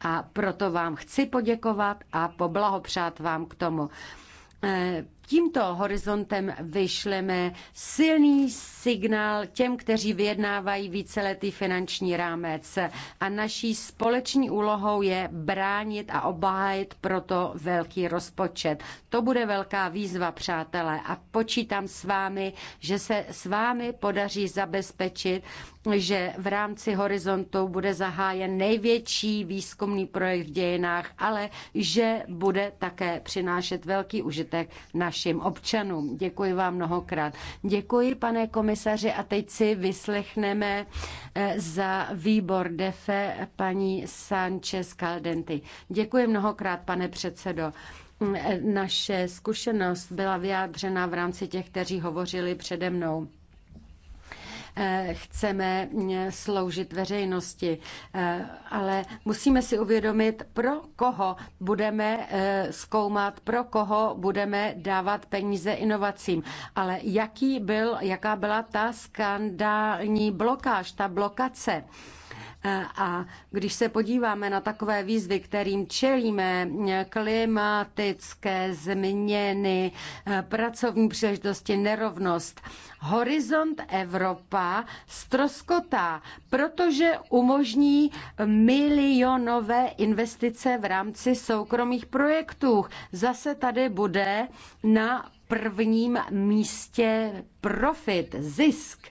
A proto vám chci poděkovat a poblahopřát vám k tomu eh, tímto horizontem vyšleme silný signál těm, kteří vyjednávají víceletý finanční rámec. A naší společní úlohou je bránit a obhájit proto velký rozpočet. To bude velká výzva, přátelé, a počítám s vámi, že se s vámi podaří zabezpečit, že v rámci horizontu bude zahájen největší výzkumný projekt v dějinách, ale že bude také přinášet velký užitek naš našim občanům. Děkuji vám mnohokrát. Děkuji, pane komisaři, a teď si vyslechneme eh, za výbor DEFE paní Sanchez Caldenty. Děkuji mnohokrát, pane předsedo. Mm, eh, naše zkušenost byla vyjádřena v rámci těch, kteří hovořili přede mnou. Eh, chceme eh, sloužit veřejnosti, eh, ale musíme si uvědomit, pro koho budeme zkoumat, pro koho budeme dávat peníze inovacím. Ale jaký byl, jaká byla ta skandální blokáž, ta blokace? E, a když se podíváme na takové výzvy, kterým čelíme, klimatické změny, e, pracovní příležitosti, nerovnost, Horizont Evropa stroskotá, protože umožní milionové investice v rámci soukromých projektů. Zase tady bude na prvním místě profit, zisk.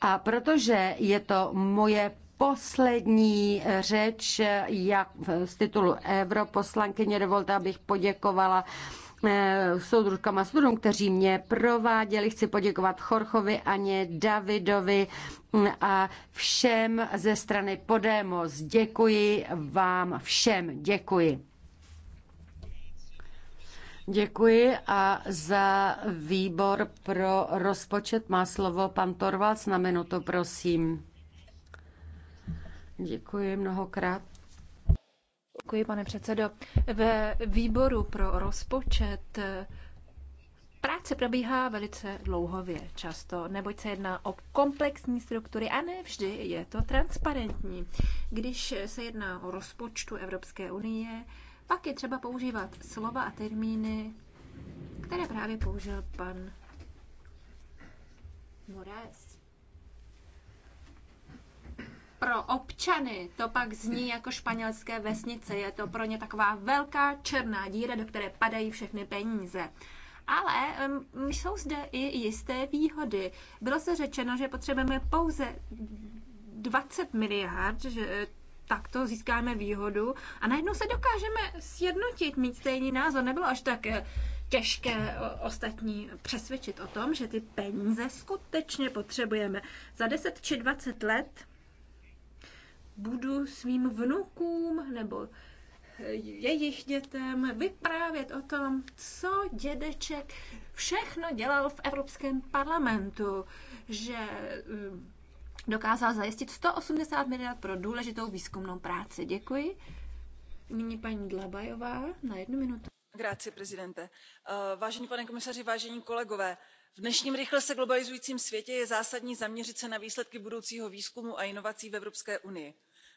A protože je to moje poslední eh, řeč eh, jak z titulu europoslankyně. Dovolte, abych poděkovala eh, soudružkám a studům, kteří mě prováděli. Chci poděkovat Chorchovi, Aně, Davidovi mm, a všem ze strany Podemos. Děkuji vám všem. Děkuji. Děkuji a za výbor pro rozpočet má slovo pan Torvalds na minutu, prosím. Děkuji mnohokrát. Děkuji, pane předsedo. Ve výboru pro rozpočet eh, Práce probíhá velice dlouhově často, neboť se jedná o komplexní struktury a ne vždy je to transparentní. Když se jedná o rozpočtu Evropské unie, pak je třeba používat slova a termíny, které právě použil pan Moraes pro občany to pak zní jako španělské vesnice. Je to pro ně taková velká černá díra, do které padají všechny peníze. Ale um, jsou zde i jisté výhody. Bylo se řečeno, že potřebujeme pouze 20 miliard, že eh, takto získáme výhodu a najednou se dokážeme sjednotit, mít stejný názor. Nebylo až tak eh, těžké ostatní přesvědčit o tom, že ty peníze skutečně potřebujeme. Za 10 či 20 let budu svým vnukům nebo eh, jejich dětem vyprávět o tom, co dědeček všechno dělal v Evropském parlamentu, že eh, dokázal zajistit 180 miliard pro důležitou výzkumnou práci. Děkuji. Nyní paní Dlabajová na jednu minutu. Grazie, prezidente. Eh, vážený pane komisaři, vážení kolegové, v dnešním rychle se globalizujícím světě je zásadní zaměřit se na výsledky budoucího výzkumu a inovací v Evropské unii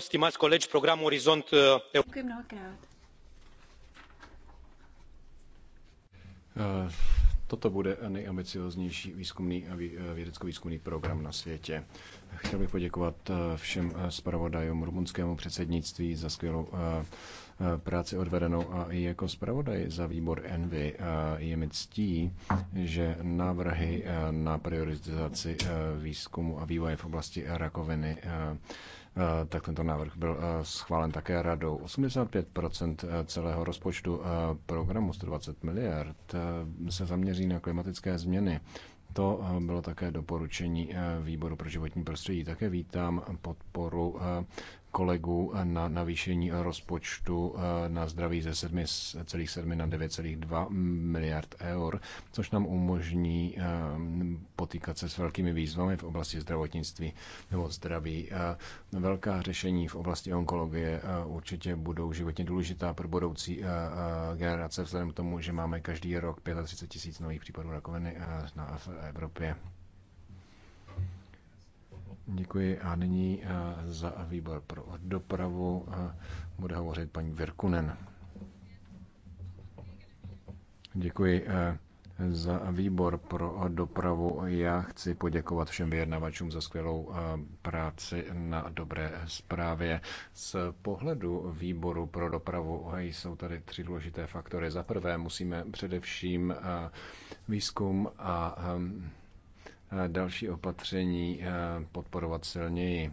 stimați colegi programul orizont uh, eh, Toto bude nejambicioznější výzkumný eh, eh, vědecko-výzkumný program na světě. Chtěl bych poděkovat všem zpravodajům rumunskému předsednictví za skvělou práci odvedenou a i jako zpravodaj za výbor Envy eh, je mi ctí, že návrhy eh, na prioritizaci eh, výzkumu a vývoje v oblasti rakoviny tak tento návrh byl schválen také radou. 85 celého rozpočtu programu 120 miliard se zaměří na klimatické změny. To eh, bylo také doporučení eh, výboru pro životní prostředí. Také vítám podporu eh, kolegů na navýšení rozpočtu na zdraví ze 7,7 na 9,2 miliard eur, což nám umožní potýkat se s velkými výzvami v oblasti zdravotnictví nebo zdraví. Velká řešení v oblasti onkologie určitě budou životně důležitá pro budoucí generace, vzhledem k tomu, že máme každý rok 35 tisíc nových případů rakoviny na Evropě. Děkuji a nyní za výbor pro dopravu bude hovořit paní Virkunen. Děkuji za výbor pro dopravu. Já chci poděkovat všem vyjednavačům za skvělou eh, práci na dobré zprávě. Z pohledu výboru pro dopravu jsou tady tři důležité faktory. Za prvé musíme především eh, výzkum a eh, další opatření podporovat silněji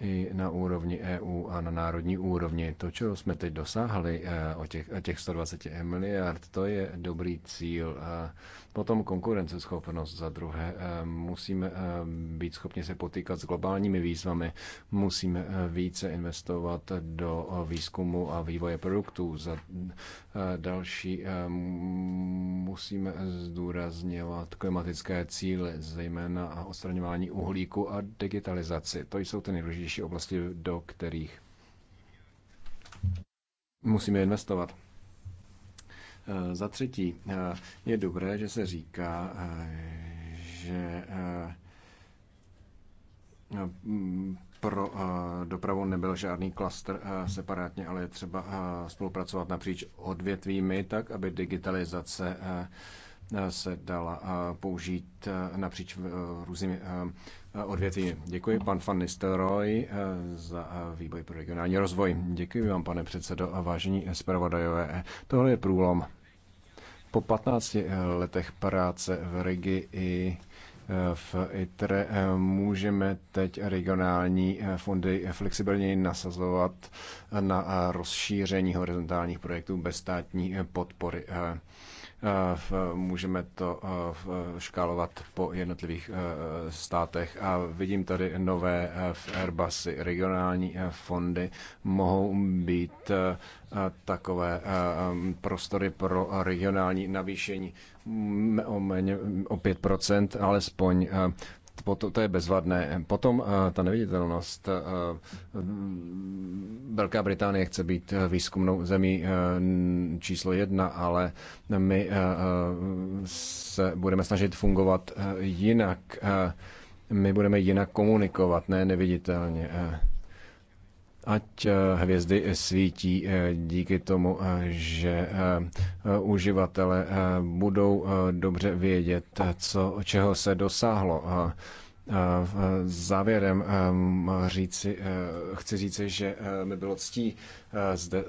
i na úrovni EU a na národní úrovni. To, čeho jsme teď dosáhli eh, o těch, o eh, těch 120 miliard, to je dobrý cíl. Eh, Potom konkurenceschopnost za druhé. Eh, musíme eh, být schopni se potýkat s globálními výzvami, musíme eh, více investovat do výzkumu a vývoje produktů. Za další musíme zdůrazněvat klimatické cíle, zejména odstraňování uhlíku a digitalizaci. To jsou ty nejdůležitější oblasti, do kterých musíme investovat. Eh, za třetí, eh, je dobré, že se říká, eh, že mm, pro dopravu nebyl žádný klaster separátně, ale je třeba spolupracovat napříč odvětvími, tak aby digitalizace se dala použít napříč různými odvětvími. Děkuji pan Van Nistelrooy za výboj pro regionální rozvoj. Děkuji vám, pane předsedo a vážení zpravodajové. Tohle je průlom. Po 15 eh, letech práce v Rigi i eh, v ITRE eh, můžeme teď regionální fondy flexibilněji nasazovat na rozšíření horizontálních projektů bez státní podpory. Můžeme to eh, škálovat po jednotlivých eh, státech a vidím tady nové eh, Airbusy. Regionální fondy mohou být takové prostory pro regionální navýšení o méně o 5%, alespoň to, to je bezvadné. Potom eh, ta neviditelnost. Eh, eh, Velká Británie chce být výzkumnou zemí číslo jedna, ale my se budeme snažit fungovat jinak. My budeme jinak komunikovat, ne neviditelně ať eh, hvězdy svítí eh, díky tomu, eh, že uživatele budou dobře vědět, co, čeho se dosáhlo. Závěrem říci, chci říci, že mi bylo ctí zde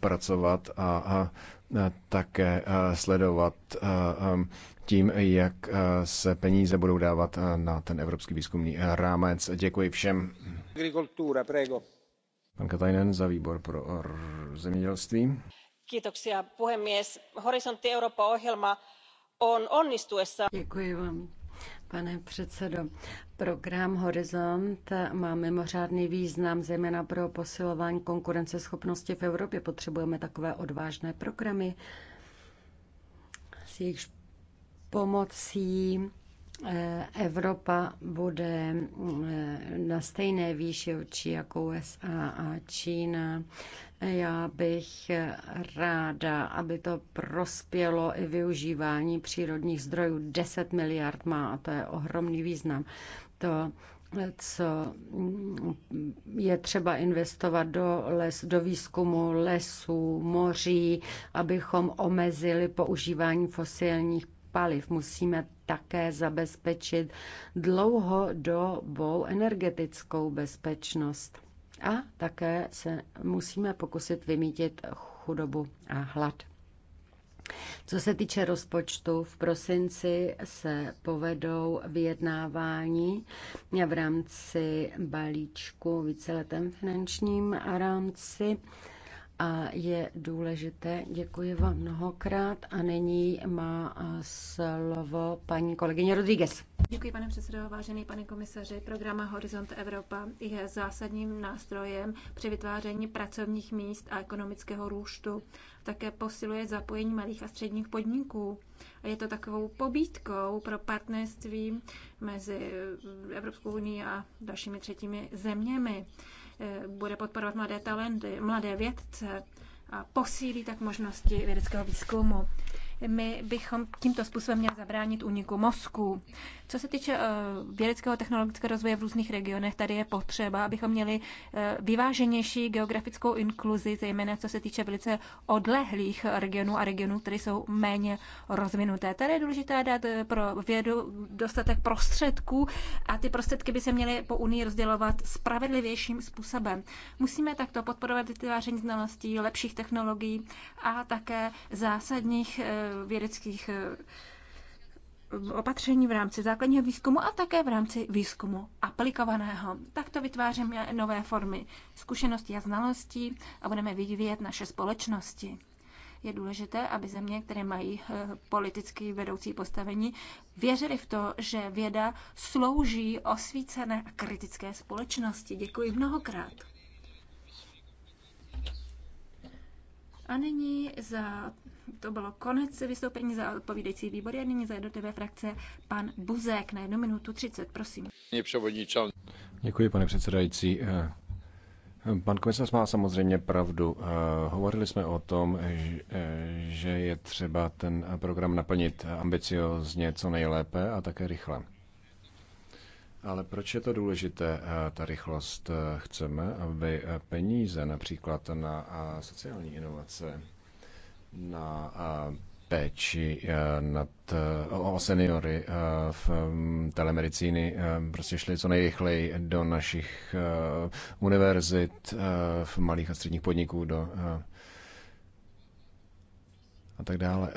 pracovat a také sledovat tím, jak se peníze budou dávat na ten evropský výzkumný rámec. Děkuji všem. Agricultura, prego. Pan pro zemědělství. puhemies. Horisontti Eurooppa ohjelma on onnistuessaan. Děkuji vám. Pane předsedo, program Horizont má mimořádný význam, zejména pro posilování konkurenceschopnosti v Evropě. Potřebujeme takové odvážné programy, s jejichž pomocí Eh, Evropa bude eh, na stejné výši očí jako USA a Čína. Eh, já bych ráda, aby to prospělo i využívání přírodních zdrojů. 10 miliard má a to je ohromný význam. To co mm, je třeba investovat do, les, do výzkumu lesů, moří, abychom omezili používání fosilních paliv. Musíme také zabezpečit dlouhodobou energetickou bezpečnost. A také se musíme pokusit vymítit chudobu a hlad. Co se týče rozpočtu, v prosinci se povedou vyjednávání v rámci balíčku víceletém finančním a rámci a je důležité. Děkuji vám mnohokrát a nyní má slovo paní kolegyně Rodríguez. Děkuji, pane předsedo, vážený pane komisaři. Programa Horizont Evropa je zásadním nástrojem při vytváření pracovních míst a ekonomického růstu. Také posiluje zapojení malých a středních podniků. A je to takovou pobídkou pro partnerství mezi Evropskou unii a dalšími třetími zeměmi. Eh, bude podporovat mladé talenty, mladé vědce a posílí tak možnosti vědeckého výzkumu my bychom tímto způsobem měli zabránit uniku mozku. Co se týče eh, vědeckého technologického rozvoje v různých regionech, tady je potřeba, abychom měli eh, vyváženější geografickou inkluzi, zejména co se týče velice odlehlých regionů a regionů, které jsou méně rozvinuté. Tady je důležité dát eh, pro vědu dostatek prostředků a ty prostředky by se měly po Unii rozdělovat spravedlivějším způsobem. Musíme takto podporovat vytváření znalostí, lepších technologií a také zásadních vědeckých eh, opatření v rámci základního výzkumu a také v rámci výzkumu aplikovaného. Takto vytváříme nové formy zkušeností a znalostí a budeme vyvíjet naše společnosti. Je důležité, aby země, které mají eh, politicky vedoucí postavení, věřili v to, že věda slouží osvícené a kritické společnosti. Děkuji mnohokrát. A nyní za, to bylo konec vystoupení za odpovídající výbory a nyní za jednotlivé frakce pan Buzek na jednu minutu 30, prosím. Děkuji, pane předsedající. Eh, pan komisař má samozřejmě pravdu. Eh, Hovorili jsme o tom, eh, že je třeba ten program naplnit ambiciozně co nejlépe a také rychle. Ale proč je to důležité, eh, ta rychlost? Eh, chceme, aby eh, peníze například na sociální inovace, na péči nad, o seniory v mm, telemedicíny prostě šli co nejrychleji do našich univerzit, v malých a středních podniků, do a tak dále.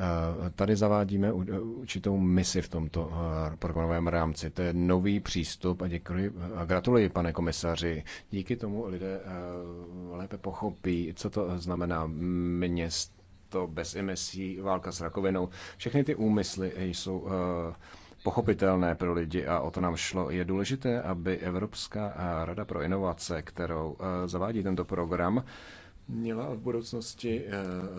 Tady zavádíme určitou misi v tomto eh, programovém rámci. To je nový přístup a děkuji a gratuluji, pane komisaři. Díky tomu lidé eh, lépe pochopí, co to znamená město bez emisí, válka s rakovinou. Všechny ty úmysly jsou eh, pochopitelné pro lidi a o to nám šlo. Je důležité, aby Evropská rada pro inovace, kterou zavádí tento program, měla v budoucnosti eh,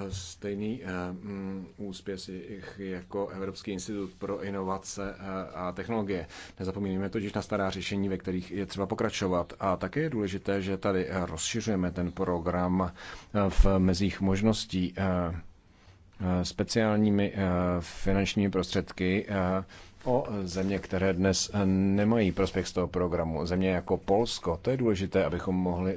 stejný eh, mm, úspěch jako Evropský institut pro inovace eh, a technologie. Nezapomínáme totiž na stará řešení, ve kterých je třeba pokračovat. A také je důležité, že tady rozšiřujeme ten program v mezích možností Eh, speciálními eh, finančními prostředky eh, o země, které dnes nemají prospěch z toho programu. Země jako Polsko, to je důležité, abychom mohli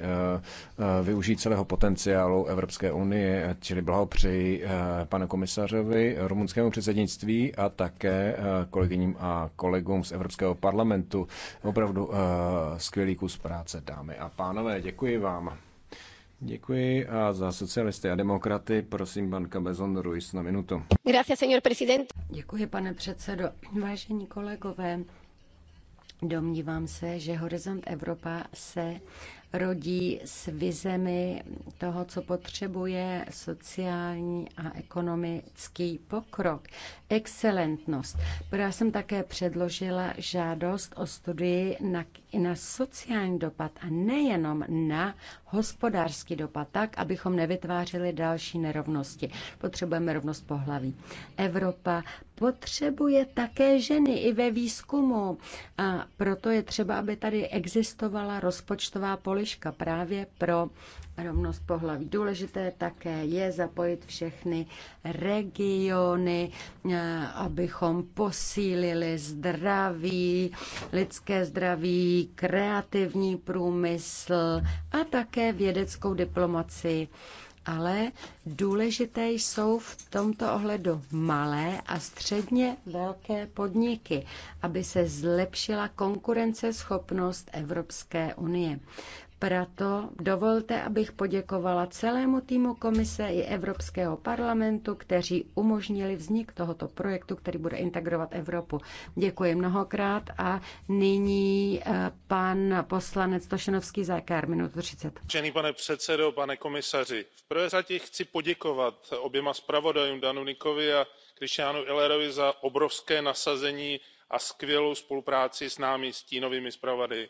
využít celého potenciálu Evropské unie, čili blahopřeji pane komisařovi, rumunskému předsednictví a také kolegyním a kolegům z Evropského parlamentu. Opravdu skvělý kus práce, dámy a pánové. Děkuji vám. Děkuji a za socialisty a demokraty prosím pan Cabezon Ruiz na minutu. Gracias, señor presidente. Děkuji, pane předsedo. Vážení kolegové, Domnívám se, že Horizont Evropa se rodí s vizemi toho, co potřebuje sociální a ekonomický pokrok. Excelentnost. Já jsem také předložila žádost o studii na, na sociální dopad a nejenom na hospodářský dopad, tak, abychom nevytvářeli další nerovnosti. Potřebujeme rovnost pohlaví. Evropa potřebuje také ženy i ve výzkumu. A proto je třeba, aby tady existovala rozpočtová poliška právě pro rovnost pohlaví. Důležité také je zapojit všechny regiony, eh, abychom posílili zdraví, lidské zdraví, kreativní průmysl a také vědeckou diplomaci ale důležité jsou v tomto ohledu malé a středně velké podniky, aby se zlepšila konkurenceschopnost Evropské unie. Proto dovolte, abych poděkovala celému týmu komise i Evropského parlamentu, kteří umožnili vznik tohoto projektu, který bude integrovat Evropu. Děkuji mnohokrát a nyní eh, pan poslanec Tošenovský za KR minutu 30. Čený pane předsedo, pane komisaři, v prvé řadě chci poděkovat oběma zpravodajům Danu Nikovi a Krišánu Illerovi za obrovské nasazení a skvělou spolupráci s námi, stínovými zpravodaji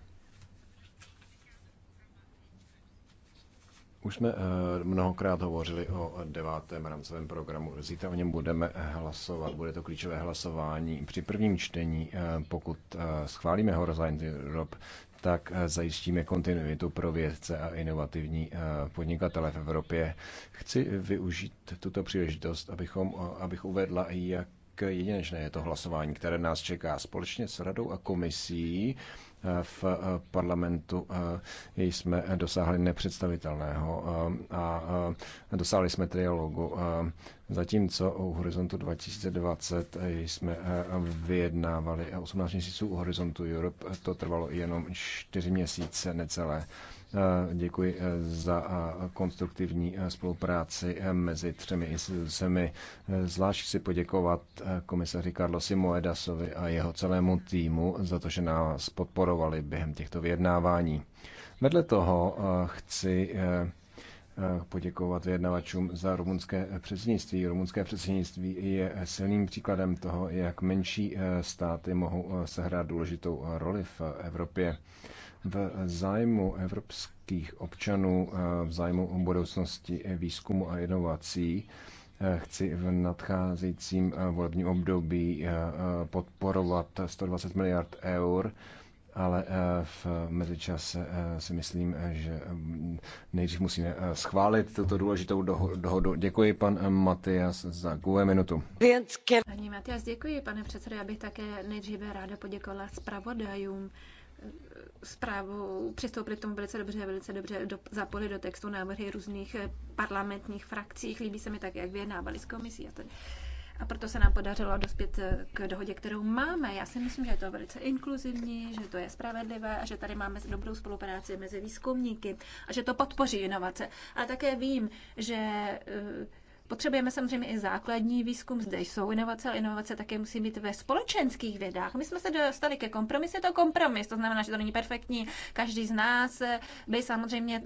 Už jsme eh, mnohokrát hovořili o devátém rámcovém programu. Zítra o něm budeme hlasovat. Bude to klíčové hlasování. Při prvním čtení, eh, pokud eh, schválíme Horizon Europe, tak zajistíme kontinuitu pro vědce a inovativní podnikatele v Evropě. Chci využít tuto příležitost, abychom, abych uvedla, jak jedinečné je to hlasování, které nás čeká společně s Radou a komisí v eh, parlamentu eh, jsme dosáhli nepředstavitelného eh, a dosáhli jsme trialogu. Zatímco u Horizontu 2020 jsme vyjednávali 18 měsíců u Horizontu Europe, to trvalo jenom 4 měsíce necelé. Eh, děkuji eh, za eh, konstruktivní spolupráci mezi třemi institucemi. Zvlášť si poděkovat komisaři Carlosi Moedasovi a jeho celému týmu za to, že nás podporovali během těchto vyjednávání. Vedle toho chci poděkovat vyjednavačům za rumunské předsednictví. Rumunské předsednictví je silným příkladem toho, jak menší státy mohou sehrát důležitou roli v Evropě v zájmu evropských občanů, eh, v zájmu o budoucnosti výzkumu a inovací, eh, chci v nadcházejícím eh, volebním období podporovat 120 miliard eur, ale v mezičase si myslím, že mm, nejdřív musíme schválit tuto důležitou dohodu. Děkuji, pan Matias, za dvě e minutu. Paní Matias, děkuji, pane předsedo. Já bych také nejdříve ráda poděkovala zpravodajům zprávu přistoupili k tomu velice dobře, velice dobře do, zapojili do textu návrhy různých eh, parlamentních frakcí. Líbí se mi tak, jak vyjednávali s komisí a to. A proto se nám podařilo dospět eh, k dohodě, kterou máme. Já si myslím, že je to velice inkluzivní, že to je spravedlivé a že tady máme dobrou spolupráci mezi výzkumníky a že to podpoří inovace. A také vím, že uh, Potřebujeme samozřejmě i základní výzkum, zde jsou inovace, ale inovace také musí být ve společenských vědách. My jsme se dostali ke kompromisu, je to kompromis, to znamená, že to není perfektní. Každý z nás by samozřejmě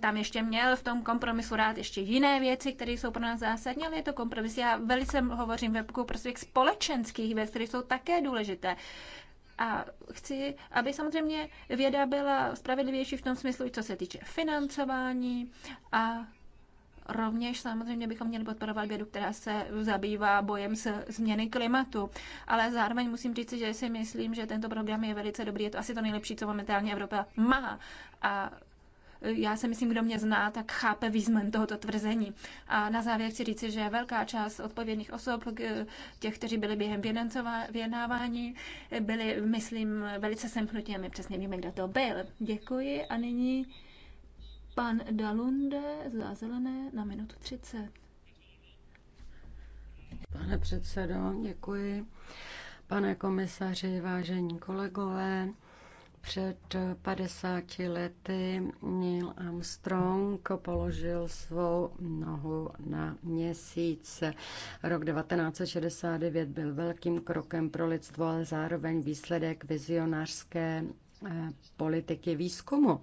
tam ještě měl v tom kompromisu rád ještě jiné věci, které jsou pro nás zásadní, ale je to kompromis. Já velice hovořím ve prostě společenských věcí, které jsou také důležité. A chci, aby samozřejmě věda byla spravedlivější v tom smyslu, co se týče financování a Rovněž samozřejmě bychom měli podporovat vědu, která se zabývá bojem s změny klimatu. Ale zároveň musím říct, že si myslím, že tento program je velice dobrý. Je to asi to nejlepší, co momentálně Evropa má. A já si myslím, kdo mě zná, tak chápe význam tohoto tvrzení. A na závěr chci říci, že velká část odpovědných osob, eh, těch, kteří byli během vyjednávání, eh, byli, myslím, velice semknutí a my přesně víme, kdo to byl. Děkuji a nyní Pan Dalunde za zelené na minutu 30. Pane předsedo, děkuji. Pane komisaři, vážení kolegové, před 50 lety Neil Armstrong položil svou nohu na měsíc. Rok 1969 byl velkým krokem pro lidstvo, ale zároveň výsledek vizionářské eh, politiky výzkumu.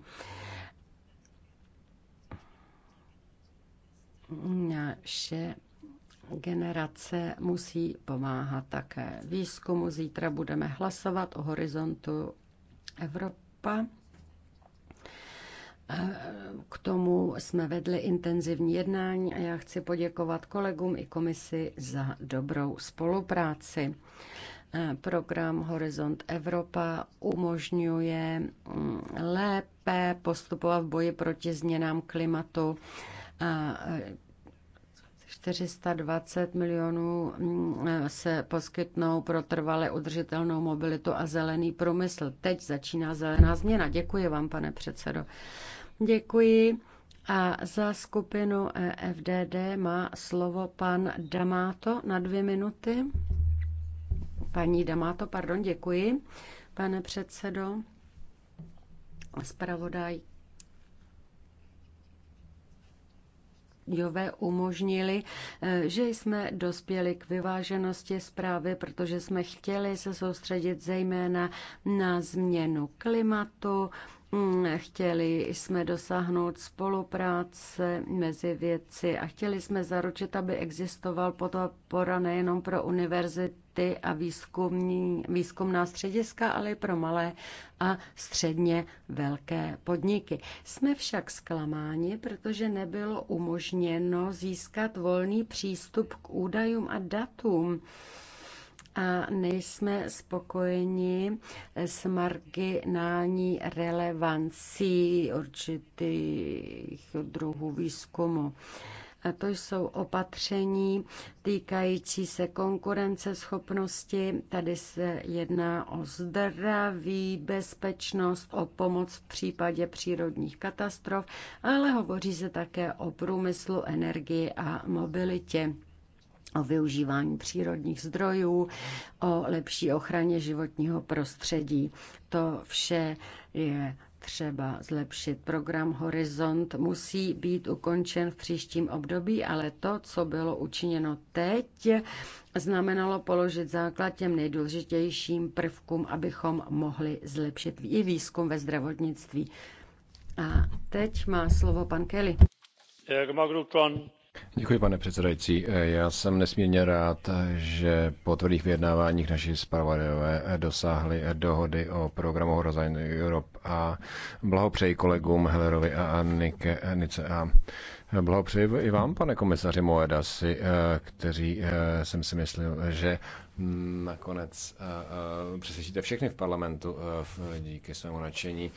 Naše generace musí pomáhat také výzkumu. Zítra budeme hlasovat o horizontu Evropa. K tomu jsme vedli intenzivní jednání a já chci poděkovat kolegům i komisi za dobrou spolupráci. Program Horizont Evropa umožňuje mm, lépe postupovat v boji proti změnám klimatu 420 e, milionů mm, se poskytnou pro trvale udržitelnou mobilitu a zelený průmysl. Teď začíná zelená změna. Děkuji vám, pane předsedo. Děkuji. A za skupinu e, FDD má slovo pan Damato na dvě minuty. Paní Damato, pardon, děkuji, pane předsedo. Spravodajka Jové umožnili, eh, že jsme dospěli k vyváženosti zprávy, protože jsme chtěli se soustředit zejména na změnu klimatu, Chtěli jsme dosáhnout spolupráce mezi vědci a chtěli jsme zaručit, aby existoval podpora nejenom pro univerzity a výzkumní, výzkumná střediska, ale i pro malé a středně velké podniky. Jsme však zklamáni, protože nebylo umožněno získat volný přístup k údajům a datům a nejsme spokojeni s marginální relevancí určitých druhů výzkumu. A to jsou opatření týkající se konkurenceschopnosti. Tady se jedná o zdraví, bezpečnost, o pomoc v případě přírodních katastrof, ale hovoří se také o průmyslu, energii a mobilitě o využívání přírodních zdrojů, o lepší ochraně životního prostředí. To vše je třeba zlepšit. Program Horizont musí být ukončen v příštím období, ale to, co bylo učiněno teď, znamenalo položit základ těm nejdůležitějším prvkům, abychom mohli zlepšit i výzkum ve zdravotnictví. A teď má slovo pan Kelly. Eh, Děkuji, pane předsedající. Eh, já jsem nesmírně rád, že po tvrdých vyjednáváních naši zpravodajové eh, dosáhli eh, dohody o programu Horizon Europe a blahopřeji kolegům Hellerovi a Annike Nice a blahopřeji i vám, pane komisaři Moedasi, kteří jsem si myslel, že Hmm, nakonec eh, eh, přesvědčíte všechny v parlamentu eh, díky svému nadšení.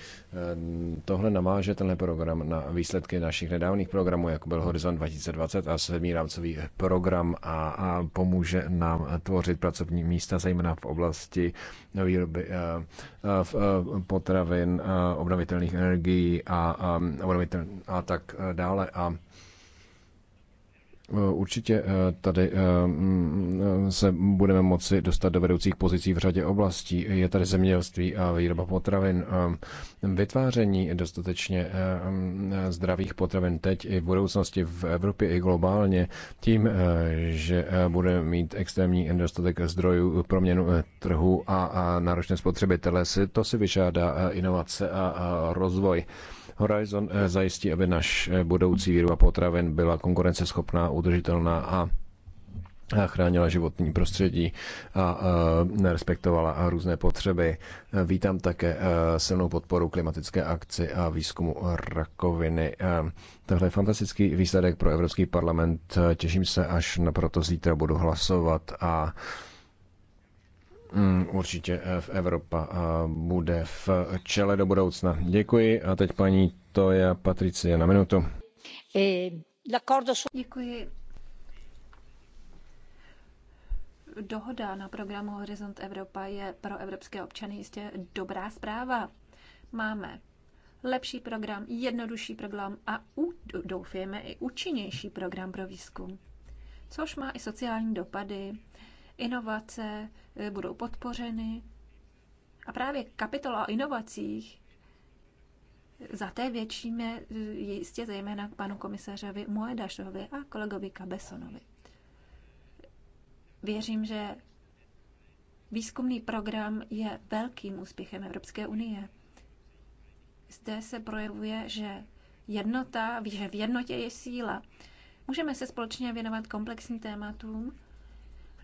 Tohle naváže tenhle program na výsledky našich nedávných programů, jako byl Horizont 2020 a sedmý rámcový program a, a pomůže nám tvořit pracovní místa, zejména v oblasti výroby potravin, obnovitelných energií a, a, a tak dále. A Eh, určitě eh, tady eh, mm, se budeme moci dostat do vedoucích pozicí v řadě oblastí. Je tady zemědělství a výroba potravin. Vytváření dostatečně mm, zdravých potravin teď i v budoucnosti v Evropě i globálně tím, že bude mít extrémní nedostatek zdrojů pro měnu trhu a náročné spotřebitele, to si vyžádá inovace a rozvoj. Horizon eh, zajistí, aby naš eh, budoucí výroba potravin byla konkurenceschopná, udržitelná a chránila životní prostředí a eh, respektovala různé potřeby. Vítám také silnou podporu klimatické akci a výzkumu rakoviny. Tohle je fantastický výsledek pro Evropský parlament. Těším se, až na proto zítra budu hlasovat a Mm, určitě eh, v Evropa eh, bude v čele do budoucna. Děkuji a teď paní to je Patricie na minutu. Eh, Děkuji. Dohoda na programu Horizont Evropa je pro evropské občany jistě dobrá zpráva. Máme lepší program, jednodušší program a doufujeme i účinnější program pro výzkum, což má i sociální dopady inovace eh, budou podpořeny. A právě kapitola o inovacích eh, za té většíme eh, jistě zejména k panu komisařovi Moedašovi a kolegovi Kabesonovi. Věřím, že výzkumný program je velkým úspěchem Evropské unie. Zde se projevuje, že jednota, že v jednotě je síla. Můžeme se společně věnovat komplexním tématům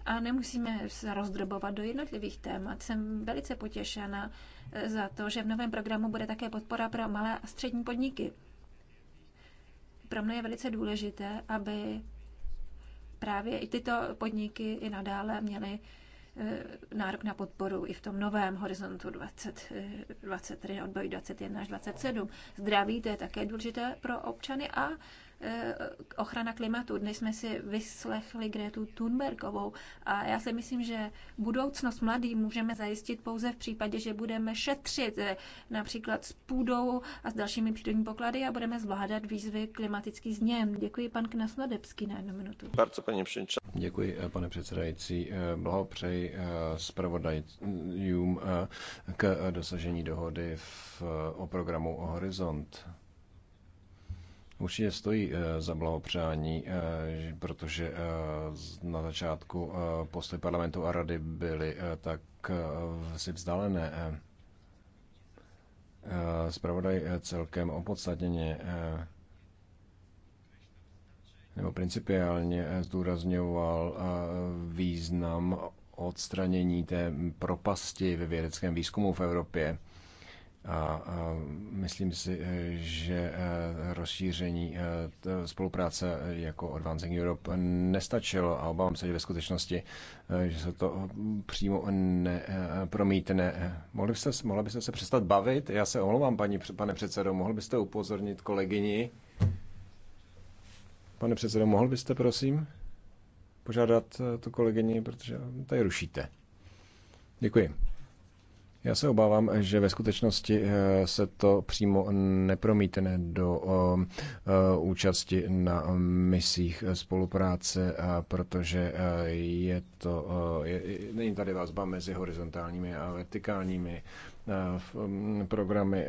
a nemusíme se rozdrobovat do jednotlivých témat. Jsem velice potěšena eh, za to, že v novém programu bude také podpora pro malé a střední podniky. Pro mě je velice důležité, aby právě i tyto podniky i nadále měly eh, nárok na podporu i v tom novém horizontu 2023 odboj 21 až 27. Zdraví to je také důležité pro občany a Eh, ochrana klimatu. Dnes jsme si vyslechli Gretu Thunbergovou a já si myslím, že budoucnost mladým můžeme zajistit pouze v případě, že budeme šetřit eh, například s půdou a s dalšími přírodní poklady a budeme zvládat výzvy klimatických změn. Děkuji pan Knasnodebský na jednu minutu. paní Děkuji, eh, pane předsedající. Blahopřeji zpravodajům k dosažení dohody v, o programu Horizont určitě stojí eh, za blahopřání, eh, protože eh, na začátku posty parlamentu a rady byly tak si vzdálené. Spravodaj celkem opodstatněně nebo principiálně zdůrazňoval význam odstranění té propasti ve vědeckém výzkumu v Evropě a myslím si, eh, že eh, rozšíření eh, spolupráce jako Advancing Europe nestačilo a obávám se, že ve skutečnosti, že se to přímo nepromítne. Mohli byste, mohla byste se přestat bavit? Já se omlouvám, paní, pane předsedo, mohl byste upozornit kolegyni? Pane předsedo, mohl byste, prosím, požádat tu kolegyni, protože tady rušíte. Děkuji. Já se obávám, že ve skutečnosti eh, se to přímo nepromítne do eh, účasti na misích spolupráce, protože eh, je to, je, není tady vazba mezi horizontálními a vertikálními mm, programy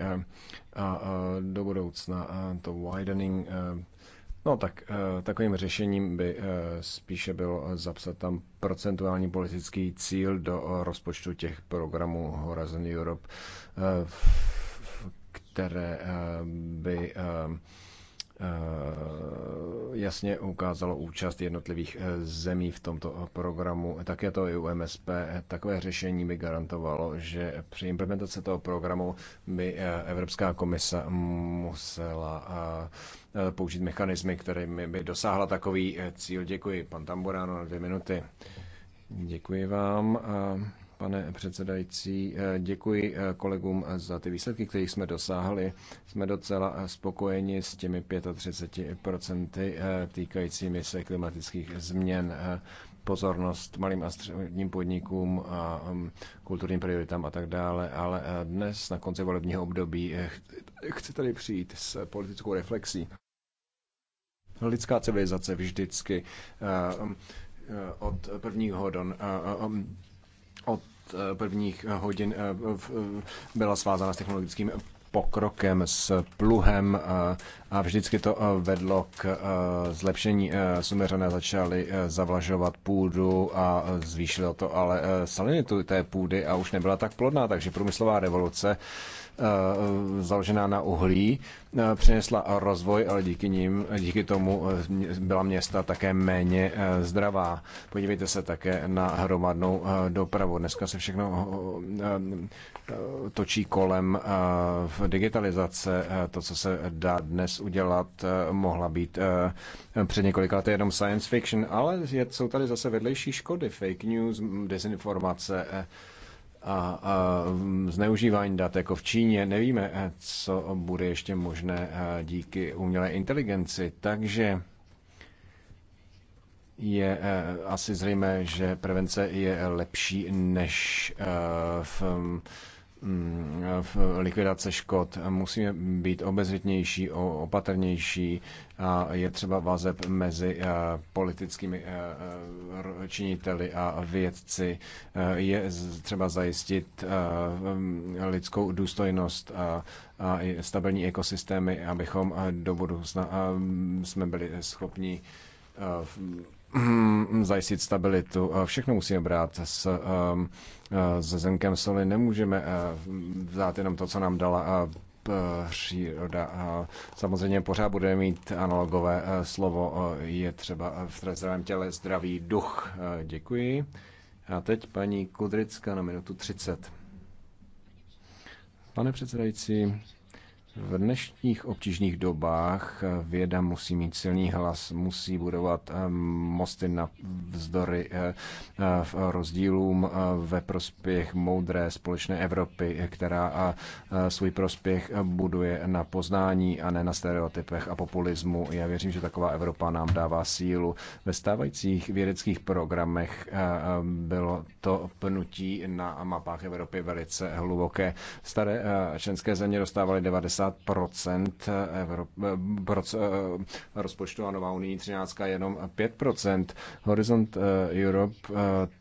a do budoucna to widening No tak eh, takovým řešením by eh, spíše bylo zapsat tam procentuální politický cíl do rozpočtu těch programů Horizon Europe, eh, které by Eh, jasně ukázalo účast jednotlivých eh, zemí v tomto eh, programu. Také to i u MSP. Takové řešení by garantovalo, že při implementaci toho programu by Evropská komise musela použít mechanismy, kterými by dosáhla takový cíl. Děkuji, pan Tamburano, na dvě minuty. Děkuji vám pane předsedající. Eh, děkuji eh, kolegům za ty výsledky, kterých jsme dosáhli. Jsme docela eh, spokojeni s těmi 35% týkajícími se klimatických změn pozornost malým a středním podnikům a mm, kulturním prioritám a tak dále, ale dnes na konci volebního období chci tady přijít s politickou reflexí. Lidská civilizace vždycky mm, od prvního do mm, od eh, prvních eh, hodin eh, byla svázána s technologickým pokrokem, s pluhem a vždycky to vedlo k zlepšení. Sumeřané začaly zavlažovat půdu a zvýšilo to ale salinitu té půdy a už nebyla tak plodná, takže průmyslová revoluce Eh, založená na uhlí eh, přinesla rozvoj, ale díky, nim, díky tomu eh, byla města také méně zdravá. Podívejte se také na hromadnou dopravu. Dneska se všechno točí kolem v digitalizace. To, co se dá dnes udělat, mohla být před několika lety jenom science fiction, ale jsou tady zase vedlejší škody, fake news, dezinformace, a, a zneužívání dat jako v Číně. Nevíme, eh, co bude ještě možné eh, díky umělé inteligenci. Takže je eh, asi zřejmé, že prevence je lepší než v, mm, v likvidace škod. Musíme být obezřetnější, opatrnější, je třeba vazeb mezi eh, politickými eh, eh, činiteli a vědci. Je třeba zajistit lidskou důstojnost a stabilní ekosystémy, abychom do budoucna jsme byli schopni zajistit stabilitu. Všechno musíme brát s, se zemkem soli. Nemůžeme vzát jenom to, co nám dala příroda. Samozřejmě pořád budeme mít analogové eh, slovo, eh, je třeba v zdravém těle zdravý duch. Eh, děkuji. A teď paní Kudrická na minutu 30. Pane předsedající, v dnešních obtížných dobách věda musí mít silný hlas, musí budovat eh, mosty na vzdory eh, eh, v rozdílům ve prospěch moudré společné Evropy, která svůj prospěch buduje na poznání a ne na stereotypech a populismu. Já věřím, že taková Evropa nám dává sílu. Ve stávajících vědeckých programech bylo to pnutí na mapách Evropy velice hluboké. Staré členské země dostávaly 90 90 Evrop- eh, eh, rozpočtu a Nová unii 13 jenom 5 Horizont eh, Europe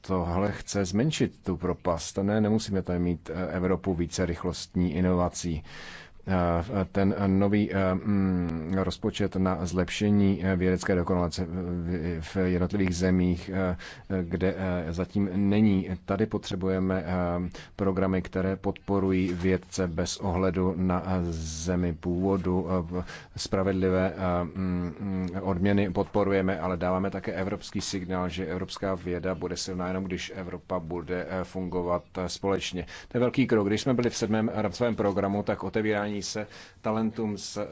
tohle chce zmenšit tu propast. Ne, nemusíme tady mít Evropu více rychlostní inovací. Eh, eh, ten eh, nový mm, rozpočet na zlepšení vědecké dokonalace v jednotlivých zemích, kde zatím není. Tady potřebujeme programy, které podporují vědce bez ohledu na zemi původu. Spravedlivé mm, odměny podporujeme, ale dáváme také evropský signál, že evropská věda bude silná jenom, když Evropa bude fungovat společně. To je velký krok. Když jsme byli v sedmém rámcovém programu, tak otevírání věnování se talentům z eh,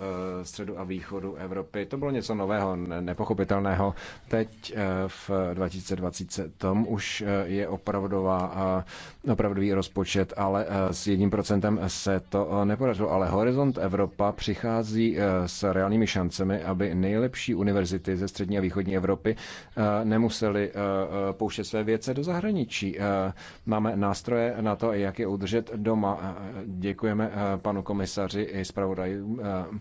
středu a východu Evropy. To bylo něco nového, nepochopitelného. Teď eh, v 2020 tom už eh, je opravdová, opravdový rozpočet, ale s jedním procentem se to nepodařilo. Ale Horizont Evropa přichází s reálnými šancemi, aby nejlepší univerzity ze střední a východní Evropy nemuseli pouštět své věce do zahraničí. Máme nástroje na to, jak je udržet doma. Děkujeme panu komisaři komisaři i zpravodajům eh,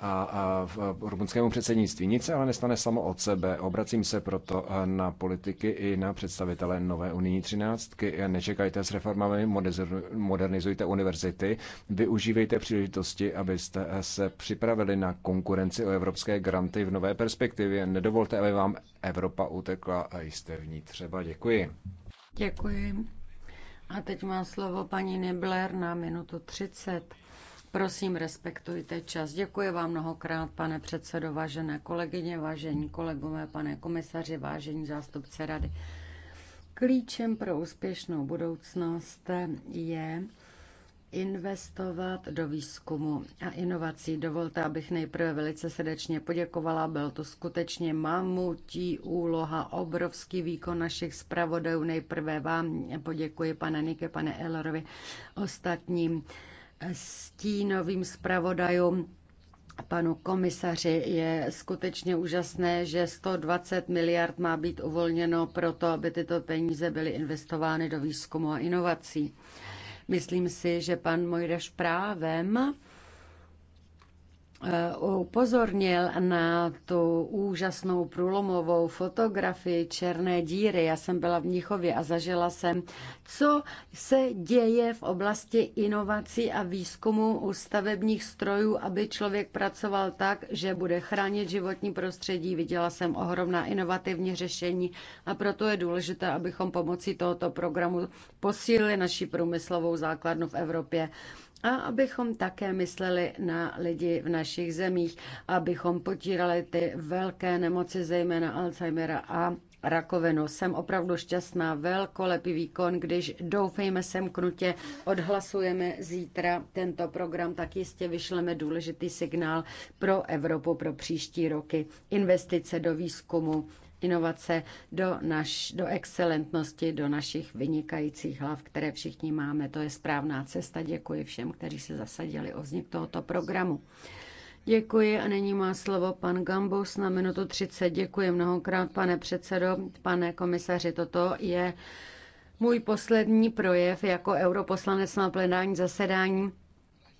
a, a v eh, rumunskému předsednictví. Nic ale nestane samo od sebe. Obracím se proto eh, na politiky i na představitele nové unijní třináctky. Nečekajte s reformami, modernizujte univerzity, využívejte příležitosti, abyste se připravili na konkurenci o evropské granty v nové perspektivě. Nedovolte, aby vám Evropa utekla a jste v ní třeba. Děkuji. Děkuji. A teď má slovo paní Nibler na minutu 30. Prosím, respektujte čas. Děkuji vám mnohokrát, pane předsedo, vážené kolegyně, vážení kolegové, pane komisaři, vážení zástupce rady. Klíčem pro úspěšnou budoucnost je investovat do výzkumu a inovací. Dovolte, abych nejprve velice srdečně poděkovala. Byl to skutečně mamutí úloha, obrovský výkon našich zpravodajů. Nejprve vám poděkuji, pane Nike, pane Elorovi, ostatním stínovým zpravodajům panu komisaři. Je skutečně úžasné, že 120 miliard má být uvolněno pro to, aby tyto peníze byly investovány do výzkumu a inovací. Myslím si, že pan Mojdaš právem Eh, upozornil na tu úžasnou průlomovou fotografii černé díry. Já jsem byla v Níchově a zažila jsem, co se děje v oblasti inovací a výzkumu u stavebních strojů, aby člověk pracoval tak, že bude chránit životní prostředí. Viděla jsem ohromná inovativní řešení a proto je důležité, abychom pomocí tohoto programu posílili naši průmyslovou základnu v Evropě a abychom také mysleli na lidi v našich zemích, abychom potírali ty velké nemoci, zejména Alzheimera a rakovinu. Jsem opravdu šťastná, velkolepý výkon, když doufejme sem knutě, odhlasujeme zítra tento program, tak jistě vyšleme důležitý signál pro Evropu pro příští roky. Investice do výzkumu, inovace do, naš, do excelentnosti, do našich vynikajících hlav, které všichni máme. To je správná cesta. Děkuji všem, kteří se zasadili o vznik tohoto programu. Děkuji a nyní má slovo pan Gambus na minutu 30. Děkuji mnohokrát, pane předsedo, pane komisaři. Toto je můj poslední projev jako europoslanec na plenární zasedání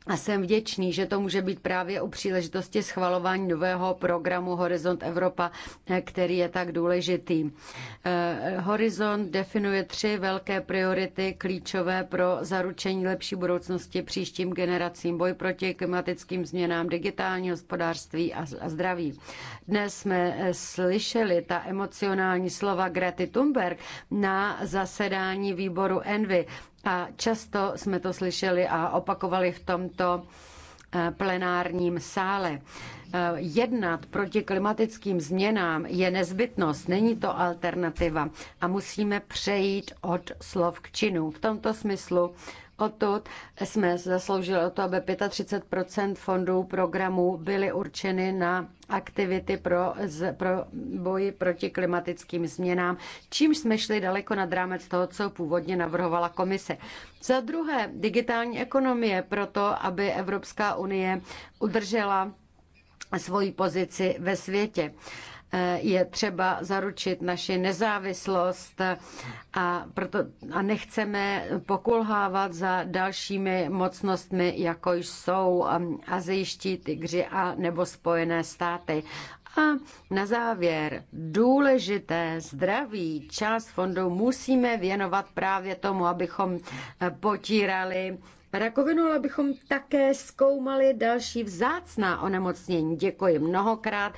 a jsem vděčný, že to může být právě u příležitosti schvalování nového programu Horizont Evropa, eh, který je tak důležitý. Eh, Horizont definuje tři velké priority klíčové pro zaručení lepší budoucnosti příštím generacím. Boj proti klimatickým změnám, digitální hospodářství a zdraví. Dnes jsme eh, slyšeli ta emocionální slova Grety Thunberg na zasedání výboru Envy. A často jsme to slyšeli a opakovali v tomto eh, plenárním sále. Eh, jednat proti klimatickým změnám je nezbytnost, není to alternativa a musíme přejít od slov k činu. V tomto smyslu Odtud jsme zasloužili o to, aby 35 fondů programů byly určeny na aktivity pro, z, pro boji proti klimatickým změnám, čímž jsme šli daleko nad rámec toho, co původně navrhovala komise. Za druhé, digitální ekonomie proto, aby Evropská unie udržela svoji pozici ve světě. Eh, je třeba zaručit naši nezávislost eh, a, proto, a nechceme pokulhávat za dalšími mocnostmi, jako jsou ehm, azijští tygři a nebo spojené státy. A na závěr, důležité zdraví část fondu musíme věnovat právě tomu, abychom eh, potírali rakovinu, ale abychom také zkoumali další vzácná onemocnění. Děkuji mnohokrát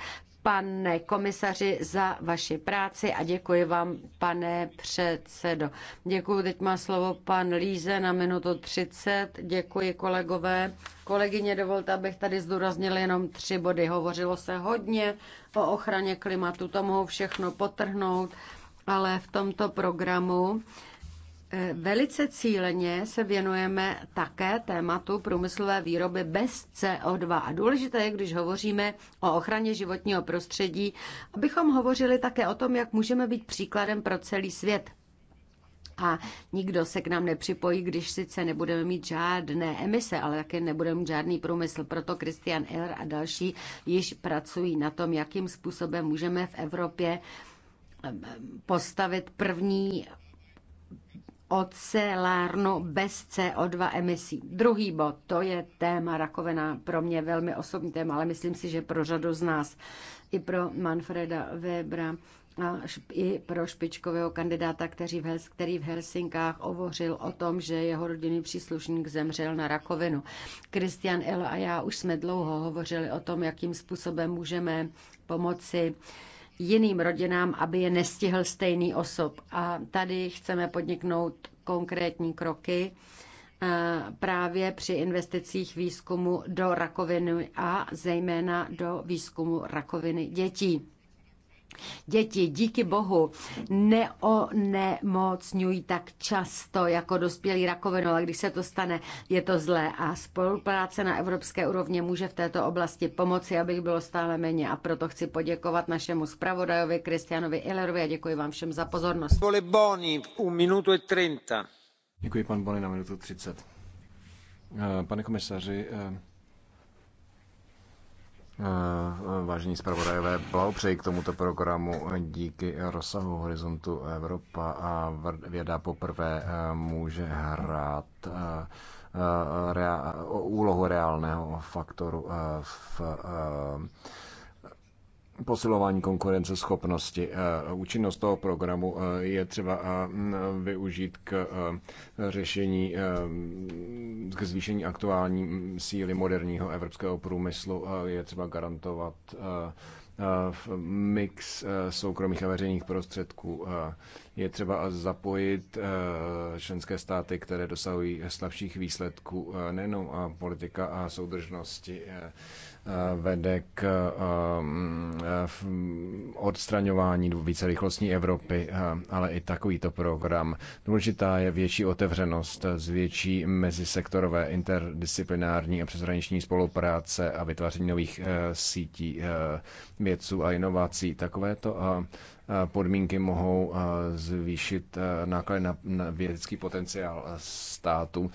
pane komisaři, za vaši práci a děkuji vám, pane předsedo. Děkuji, teď má slovo pan Líze na minutu 30. Děkuji, kolegové. Kolegyně, dovolte, abych tady zdůraznil jenom tři body. Hovořilo se hodně o ochraně klimatu, to mohu všechno potrhnout, ale v tomto programu Eh, velice cíleně se věnujeme také tématu průmyslové výroby bez CO2 a důležité je, když hovoříme o ochraně životního prostředí, abychom hovořili také o tom, jak můžeme být příkladem pro celý svět. A nikdo se k nám nepřipojí, když sice nebudeme mít žádné emise, ale také nebudeme mít žádný průmysl. Proto Christian Eller a další již pracují na tom, jakým způsobem můžeme v Evropě eh, postavit první ocelárnu bez CO2 emisí. Druhý bod, to je téma rakovina, pro mě velmi osobní téma, ale myslím si, že pro řadu z nás, i pro Manfreda Webera, a i pro špičkového kandidáta, který v, Hels- který v Helsinkách ovořil o tom, že jeho rodinný příslušník zemřel na rakovinu. Kristian Ela a já už jsme dlouho hovořili o tom, jakým způsobem můžeme pomoci uh, jiným rodinám, aby je nestihl stejný osob. A tady chceme podniknout konkrétní kroky eh, právě při investicích výzkumu do rakoviny a zejména do výzkumu rakoviny dětí. Děti díky bohu neonemocňují tak často jako dospělí rakovinou, ale když se to stane, je to zlé a spolupráce na evropské úrovni může v této oblasti pomoci, abych bylo stále méně a proto chci poděkovat našemu zpravodajovi Kristianovi Illerovi a děkuji vám všem za pozornost. Boni, u minuto 30. E děkuji pan Boni na minutu 30. Eh, pane komisaři, eh, Eh, eh, vážení zpravodajové, blahopřeji k tomuto programu. Díky rozsahu Horizontu Evropa a věda poprvé eh, může hrát úlohu reálného faktoru v posilování konkurenceschopnosti. Eh, účinnost toho programu eh, je třeba eh, využít k řešení, k zvýšení aktuální síly moderního evropského průmyslu. Je třeba garantovat mix soukromých a veřejných prostředků. Je třeba zapojit členské státy, které dosahují slabších výsledků, nejenom politika a soudržnosti Eh, vede k eh, eh, odstraňování vícerychlostní Evropy, ale i takovýto program. Důležitá je větší otevřenost, zvětší mezisektorové interdisciplinární a přeshraniční spolupráce a vytváření nových sítí vědců a inovací. Takovéto Eh, podmínky mohou eh, zvýšit eh, náklady na vědecký potenciál států,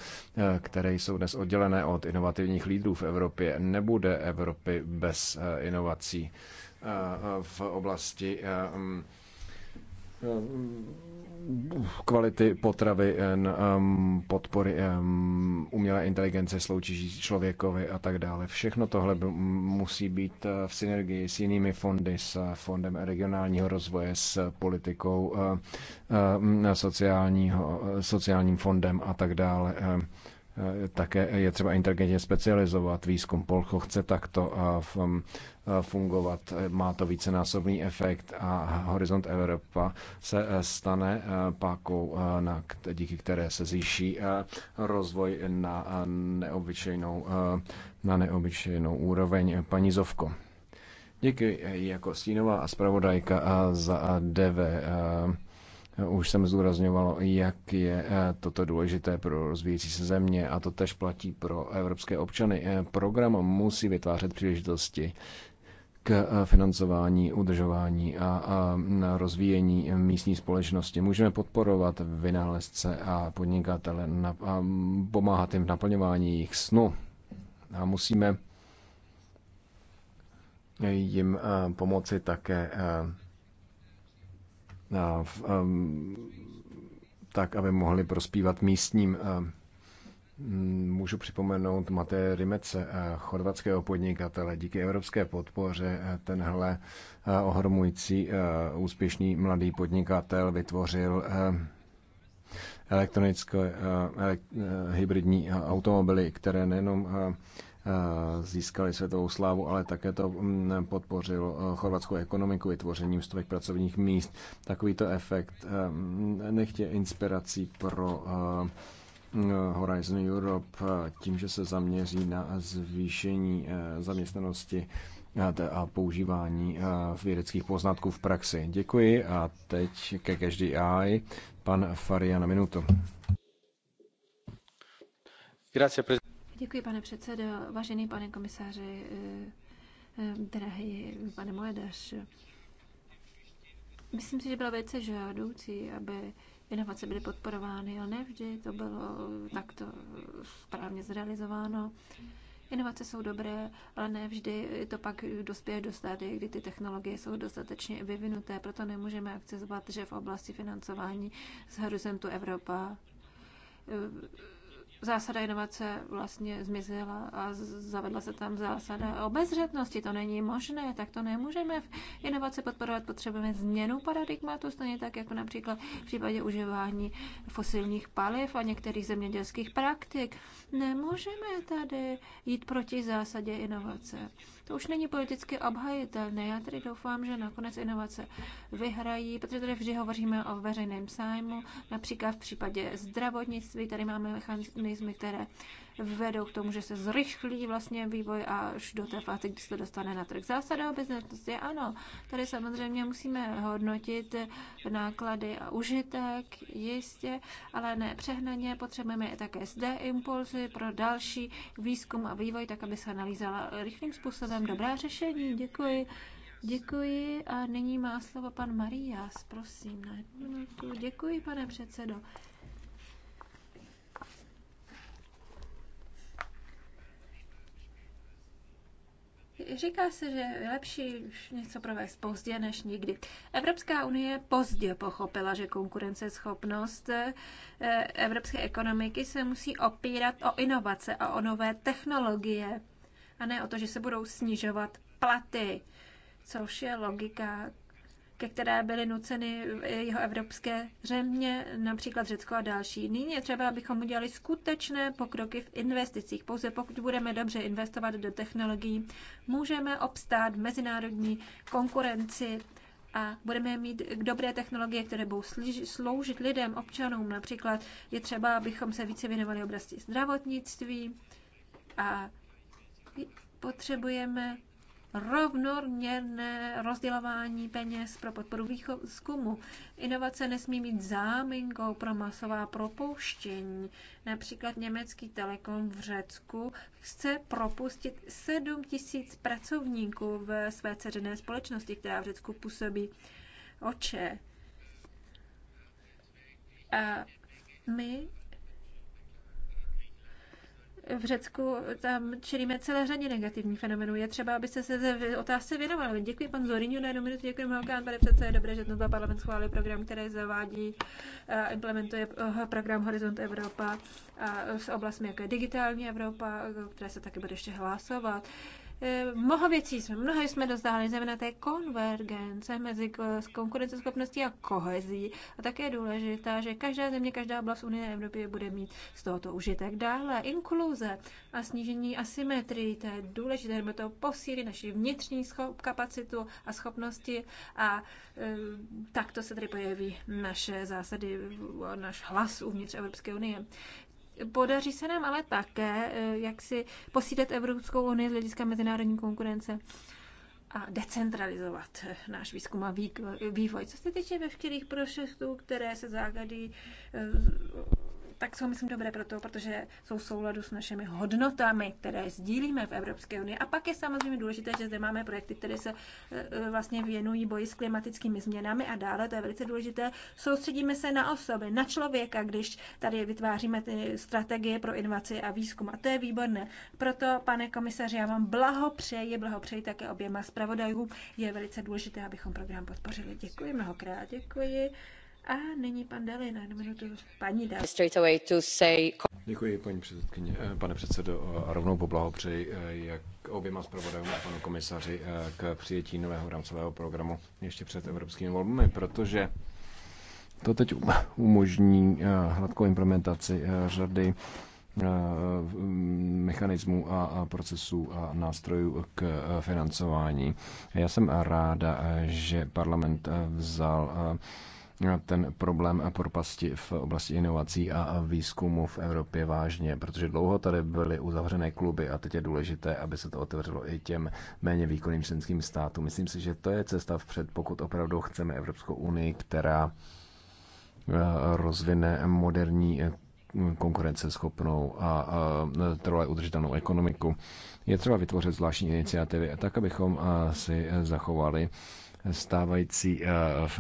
které jsou dnes oddělené od inovativních lídrů v Evropě. Nebude Evropy bez inovací v oblasti Eh, kvality potravy, eh, podpory umělé inteligence sloučí člověkovi a tak dále. Všechno tohle musí být eh, v synergii s jinými fondy, s Fondem regionálního rozvoje, s politikou, sociálního, sociálním fondem a tak dále. Eh, také je třeba inteligentně specializovat výzkum. Polcho chce takto eh, mm, eh, fungovat, má to vícenásobný efekt a Horizont Evropa se stane pákou, na, díky které se zjiší rozvoj na neobyčejnou, na neobyčejnou úroveň. Paní Zovko. Děkuji jako stínová a zpravodajka za DV už jsem zdůrazňoval, jak je eh, toto důležité pro rozvíjící se země a to tež platí pro evropské občany. Eh, program musí vytvářet příležitosti k eh, financování, udržování a, rozvíjení místní společnosti. Můžeme podporovat vynálezce a podnikatele a pomáhat jim v naplňování jejich snu. A musíme jim pomoci také tak, aby mohli prospívat místním. Můžu připomenout Maté Rimece, eh, chorvatského podnikatele. Díky evropské podpoře eh, tenhle eh, ohromující úspěšný mladý podnikatel vytvořil elektronické eh, eh, hybridní eh, automobily, které nejenom získali světovou slávu, ale také to mm, podpořilo chorvatskou ekonomiku vytvořením stovek pracovních míst. Takovýto efekt nechtě inspirací pro Horizon Europe tím, že se zaměří na zvýšení zaměstnanosti a používání eh, vědeckých poznatků v praxi. Děkuji a teď ke každý AI. Pan Faria na minutu. Děkuji, pane předsedo. Vážený pane komisáři, eh, eh, drahý pane Moledaš, myslím si, že bylo velice žádoucí, aby inovace byly podporovány, ale nevždy to bylo takto správně zrealizováno. Inovace jsou dobré, ale ne vždy to pak dospěje do stády, kdy ty technologie jsou dostatečně vyvinuté, proto nemůžeme akcizovat, že v oblasti financování z horizontu Evropa zásada inovace vlastně zmizela a zavedla se tam zásada obezřetnosti. To není možné, tak to nemůžeme v inovace podporovat. Potřebujeme změnu paradigmatu, stejně tak jako například v případě užívání fosilních paliv a některých zemědělských praktik. Nemůžeme tady jít proti zásadě inovace. To už není politicky obhajitelné. Já tedy doufám, že nakonec inovace vyhrají, protože tady vždy hovoříme o veřejném zájmu. Například v případě zdravotnictví tady máme mechanizmy, které vedou k tomu, že se zrychlí vlastně vývoj až do té fáze, kdy se dostane na trh. Zásada obezřetnosti, ano, tady samozřejmě musíme hodnotit náklady a užitek, jistě, ale ne přehnaně. Potřebujeme i také zde impulzy pro další výzkum a vývoj, tak aby se analýzala rychlým způsobem dobrá řešení. Děkuji. Děkuji a nyní má slovo pan Marias, prosím, na jednu minutu. Děkuji, pane předsedo. Říká se, že je lepší už něco provést pozdě než nikdy. Evropská unie pozdě pochopila, že konkurenceschopnost eh, evropské ekonomiky se musí opírat o inovace a o nové technologie, a ne o to, že se budou snižovat platy, což je logika ke které byly nuceny jeho evropské země, například Řecko a další. Nyní je třeba, abychom udělali skutečné pokroky v investicích. Pouze pokud budeme dobře investovat do technologií, můžeme obstát mezinárodní konkurenci a budeme mít dobré technologie, které budou sloužit lidem, občanům. Například je třeba, abychom se více věnovali oblasti zdravotnictví a potřebujeme rovnoměrné rozdělování peněz pro podporu výzkumu. Inovace nesmí mít záminkou pro masová propouštění. Například německý telekom v Řecku chce propustit 7 tisíc pracovníků ve své ceřené společnosti, která v Řecku působí oče. A my v Řecku tam čelíme celé řadě negativních fenomenů. Je třeba, abyste se otázce věnovali. Děkuji pan Zorinu na jednu minutu, děkuji mnohokrát, pane přece Je dobré, že tento parlament schválil program, který zavádí a eh, implementuje eh, program Horizont Evropa a eh, s oblastmi, jako je digitální Evropa, které se taky bude ještě hlasovat. Eh, mnoho věcí jsme, mnoho jsme dostali, zejména té konvergence mezi konkurenceschopností a kohezí. A také je důležitá, že každá země, každá oblast Unie Evropy bude mít z tohoto užitek. Dále inkluze a snížení asymetrii, to je důležité, nebo to posílí naši vnitřní schop, kapacitu a schopnosti a e, eh, takto se tedy pojeví naše zásady, náš hlas uvnitř Evropské unie. Podaří se nám ale také, eh, jak si posídat Evropskou unii z hlediska mezinárodní konkurence a decentralizovat eh, náš výzkum a vývoj. Co se týče veškerých prošestů, které se základí eh, tak jsou, myslím, dobré proto, protože jsou v souladu s našimi hodnotami, které sdílíme v Evropské unii. A pak je samozřejmě důležité, že zde máme projekty, které se e, e, vlastně věnují boji s klimatickými změnami a dále, to je velice důležité. Soustředíme se na osoby, na člověka, když tady vytváříme ty strategie pro inovaci a výzkum. A to je výborné. Proto, pane komisaři, já vám blahopřeji, blahopřeji také oběma zpravodajům. Je velice důležité, abychom program podpořili. Děkuji mnohokrát, děkuji. Paní Děkuji, paní předsedkyně, eh, pane předsedo, eh, a rovnou poblahopřeji eh, jak oběma zpravodajům a panu komisaři k přijetí nového rámcového programu ještě před evropskými volbami, protože to teď um- umožní hladkou implementaci řady mechanismů a procesů a nástrojů k financování. Já jsem ráda, že parlament vzal ten problém a propasti v oblasti inovací a výzkumu v Evropě vážně, protože dlouho tady byly uzavřené kluby a teď je důležité, aby se to otevřelo i těm méně výkonným členským státům. Myslím si, že to je cesta vpřed, pokud opravdu chceme Evropskou unii, která eh, rozvine moderní eh, konkurenceschopnou a eh, trvalé udržitelnou ekonomiku. Je třeba vytvořit zvláštní iniciativy tak, abychom si zachovali stávající eh,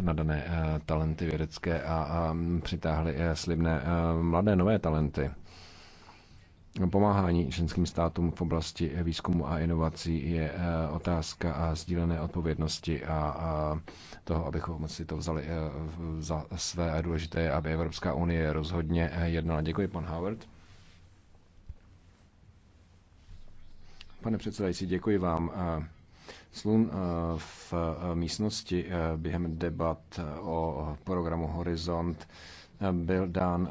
nadané eh, talenty vědecké a přitáhli eh, slibné mladé nové talenty. Pomáhání členským státům v oblasti výzkumu a inovací je otázka a sdílené odpovědnosti a toho, abychom si to vzali za své a důležité aby Evropská unie rozhodně jednala. Děkuji, pan Howard. Pane předsedající, děkuji vám slun eh, v eh, místnosti eh, během debat o programu Horizont byl dán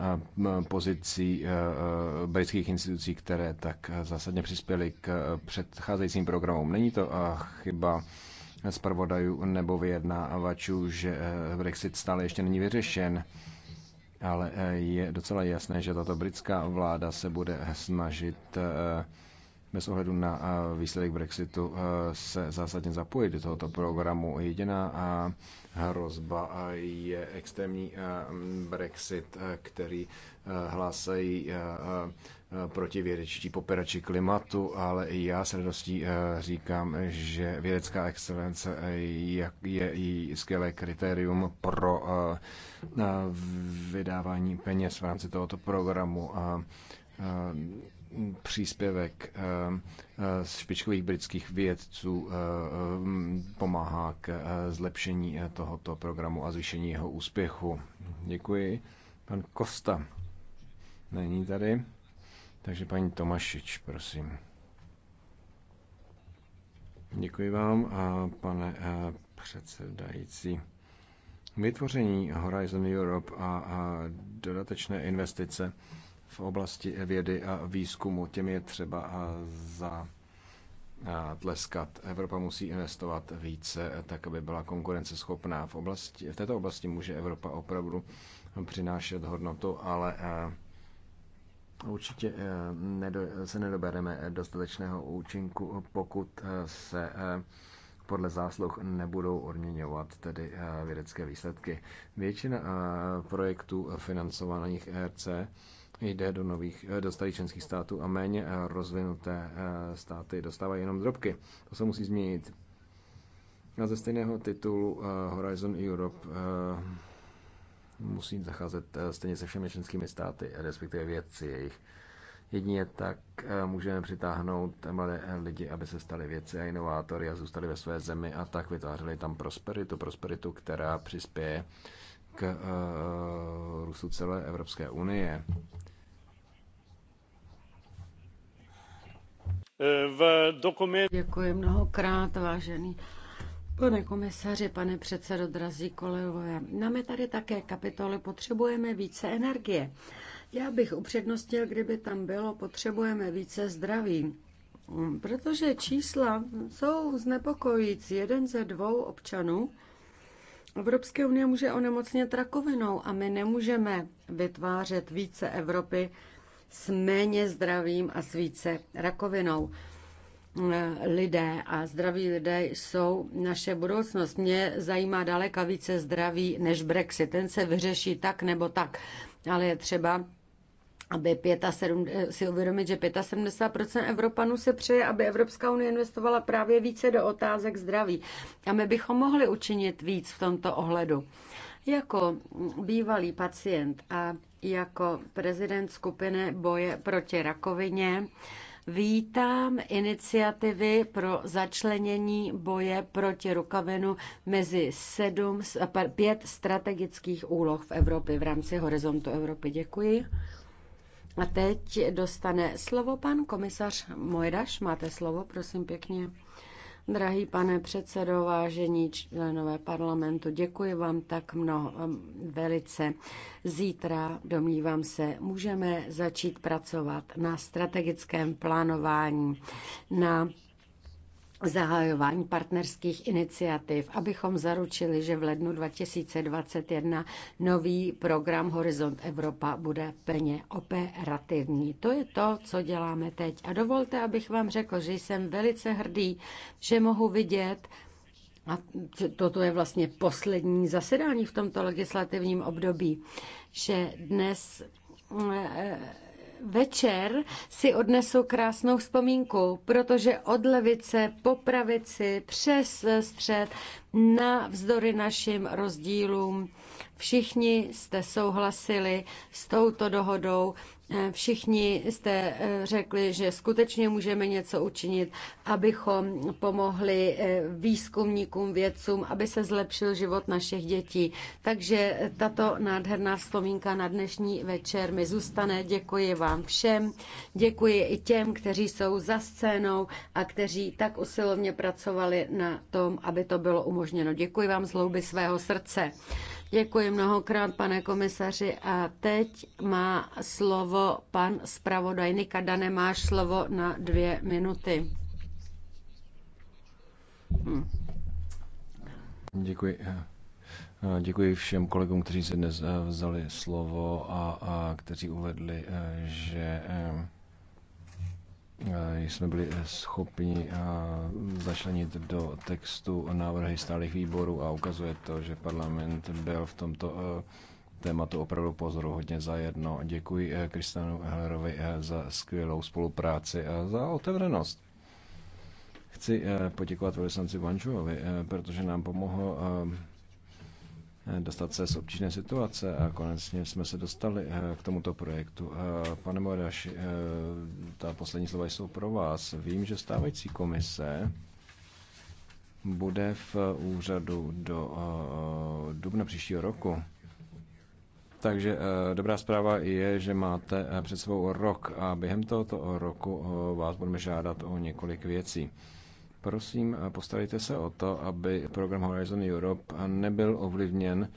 pozicí britských institucí, které tak zásadně přispěly k předcházejícím programům. Není to chyba zpravodajů nebo vyjednávačů, že Brexit stále ještě není vyřešen, ale je docela jasné, že tato britská vláda se bude snažit bez ohledu na výsledek Brexitu se zásadně zapojit do tohoto programu. Jediná hrozba je extrémní Brexit, který hlásají proti vědečtí poperači klimatu, ale i já s radostí říkám, že vědecká excelence je, je i skvělé kritérium pro vydávání peněz v rámci tohoto programu příspěvek eh, eh, z špičkových britských vědců eh, pomáhá k zlepšení tohoto programu a zvýšení jeho úspěchu. Děkuji. Pan Kosta není tady, takže paní Tomašič, prosím. Děkuji vám, pane předsedající. Vytvoření Horizon Europe a dodatečné investice v oblasti vědy a výzkumu. Těm je třeba za tleskat. Evropa musí investovat více, tak aby byla konkurenceschopná. V, oblasti, v této oblasti může Evropa opravdu přinášet hodnotu, ale určitě se nedobereme dostatečného účinku, pokud se podle zásluh nebudou odměňovat tedy vědecké výsledky. Většina projektů financovaných ERC jde do nových, do starých členských států a méně eh, rozvinuté eh, státy dostávají jenom drobky. To se musí změnit. A ze stejného titulu eh, Horizon Europe musí zacházet stejně se všemi členskými státy, respektive vědci jejich. Jedině tak můžeme přitáhnout mladé lidi, aby se stali věci a inovátory a zůstali ve své zemi a tak vytvářeli tam prosperitu, prosperitu, která přispěje k růstu celé Evropské unie. v dokumentu. Děkuji mnohokrát, vážený Pane komisaři, pane předsedo, drazí kolegové, máme tady také kapitoly Potřebujeme více energie. Já bych upřednostnil, kdyby tam bylo Potřebujeme více zdraví. Protože čísla jsou znepokojící. Jeden ze dvou občanů Evropské unie může onemocnit rakovinou a my nemůžeme vytvářet více Evropy s méně zdravým a s více rakovinou lidé a zdraví lidé jsou naše budoucnost. Mě zajímá daleka více zdraví než Brexit. Ten se vyřeší tak nebo tak, ale je třeba aby 75, si uvědomit, že 75% Evropanů se přeje, aby Evropská unie investovala právě více do otázek zdraví. A my bychom mohli učinit víc v tomto ohledu. Jako bývalý pacient a jako prezident skupiny boje proti rakovině vítám iniciativy pro začlenění boje proti rukavinu mezi sedm, pět strategických úloh v Evropě v rámci Horizontu Evropy. Děkuji. A teď dostane slovo pan komisař Mojdaš. Máte slovo, prosím pěkně. Drahý pane předsedo, vážení členové parlamentu, děkuji vám tak mnoho, ehm, velice. Zítra, domnívám se, můžeme začít pracovat na strategickém plánování, na zahajování partnerských iniciativ, abychom zaručili, že v lednu 2021 nový program Horizont Evropa bude plně operativní. To je to, co děláme teď. A dovolte, abych vám řekl, že jsem velice hrdý, že mohu vidět, a toto je vlastně poslední zasedání v tomto legislativním období, že dnes eh, večer si odnesu krásnou vzpomínku, protože od levice po pravici přes střed na vzdory našim rozdílům všichni jste souhlasili s touto dohodou Eh, všichni jste eh, řekli, že skutečně můžeme něco učinit, abychom pomohli eh, výzkumníkům, vědcům, aby se zlepšil život našich dětí. Takže tato nádherná vzpomínka na dnešní večer mi zůstane. Děkuji vám všem. Děkuji i těm, kteří jsou za scénou a kteří tak usilovně pracovali na tom, aby to bylo umožněno. Děkuji vám z hlouby svého srdce. Děkuji mnohokrát, pane komisaři. A teď má slovo pan zpravodaj Nikada. Nemáš slovo na dvě minuty. Hm. Děkuji. Děkuji všem kolegům, kteří se dnes vzali slovo a, a kteří uvedli, že Eh, jsme byli eh, schopni eh, začlenit do textu návrhy stálých výborů a ukazuje to, že parlament byl v tomto tématu opravdu pozoru hodně zajedno. Děkuji Kristianu Hellerovi za skvělou spolupráci a za otevřenost. Chci poděkovat velvyslanci Vančuovi, protože nám pomohl dostat se z obtížné situace a konečně jsme se dostali eh, k tomuto projektu. Eh, pane Moraš, eh, ta poslední slova jsou pro vás. Vím, že stávající komise bude v úřadu do dubna příštího roku. Takže dobrá zpráva je, že máte před sebou rok a během tohoto roku vás budeme žádat o několik věcí. Prosím, postarejte se o to, aby program Horizon Europe nebyl ovlivněn